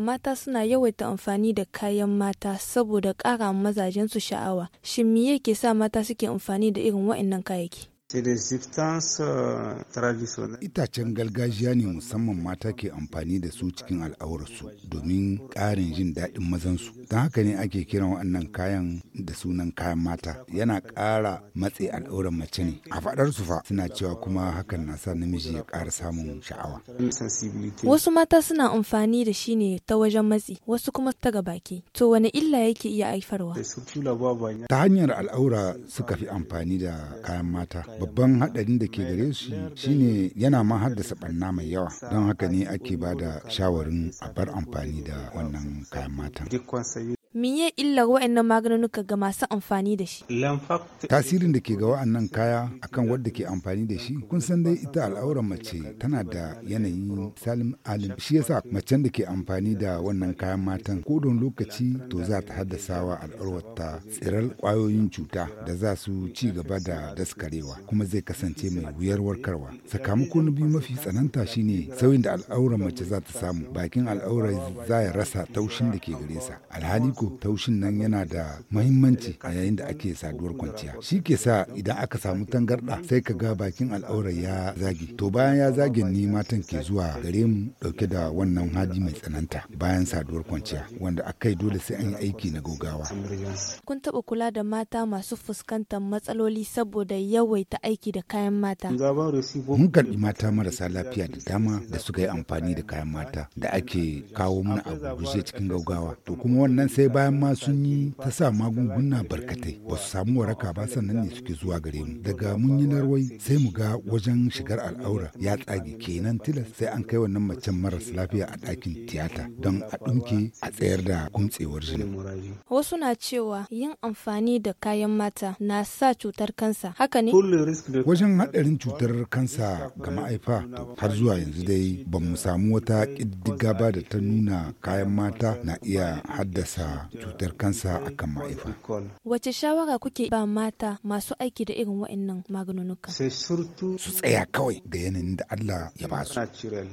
Mata suna yawaita amfani da kayan mata saboda kara ƙara su sha'awa. Shin me yake sa mata suke amfani da irin waɗannan kayayyaki? Euh, Itacen gargajiya ne musamman mata ke amfani da su cikin al'aurarsu domin ƙarin jin daɗin mazansu. Don haka ne ake kiran wannan kayan da sunan kayan mata. Yana ƙara matse al'auran mace ne. A faɗar su fa suna cewa kuma hakan na sa namiji ya ƙara samun sha'awa. Wasu mata suna amfani da shi ne ta wajen matsi, wasu kuma ta gabaki. To wani illa yake iya haifarwa? Ta hanyar al'aura suka fi amfani da kayan mata. Babban haɗarin da ke gare su shine yana ma haddasa ɓanna mai yawa. Don haka ne ake ba da shawarin a bar amfani da wannan kayan mata. Miye illar wa'annan maganunuka ga masu amfani da shi? Tasirin da ke ga nan kaya akan wadda ke amfani da shi, kun san dai ita al'auran mace tana da yanayi salim alim. Shi yasa macen da ke amfani da wannan kayan matan ko don lokaci to za ta haddasa wa al'aurarta tsirar kwayoyin cuta da za su ci gaba da daskarewa kuma zai kasance mai wuyar warkarwa. sakamakon biyu mafi tsananta shi ne sauyin da al'auran mace za ta samu bakin al'aurar za ya rasa taushin da ke gare sa. Alhali iko taushin nan yana da mahimmanci a yayin da ake saduwar kwanciya shi ke sa idan aka samu tangarɗa sai ka ga bakin al'aurar ya zage to bayan ya zage ni matan ke zuwa gare mu ɗauke da wannan hali mai tsananta bayan saduwar kwanciya wanda yi dole sai an yi aiki na gogawa kun taɓa kula da mata masu fuskantar matsaloli saboda yawaita aiki da kayan mata mun karɓi mata marasa lafiya da dama da suka yi amfani da kayan mata da ake kawo mana a guje cikin gaugawa to kuma wannan sai bayan ma sun yi ta sa magunguna barkatai ba su samu waraka ba sannan ne suke zuwa gare mu daga mun yi narwai sai mu ga wajen shigar al'aura ya tsage kenan tilas sai an kai wannan macen maras lafiya a ɗakin tiyata don a ɗunke a tsayar da kumtsewar jini. Wasu na cewa yin amfani da kayan mata na sa cutar kansa haka ne? Wajen haɗarin cutar kansa ga ma'aifa har zuwa yanzu dai ba mu samu wata ƙiddiga ba da ta nuna kayan mata na iya haddasa cutar kansa akan mahaifa. Wace shawara kuke ba mata masu aiki da irin waɗannan maganunuka? Su tsaya kawai da yanayin da Allah ya ba su.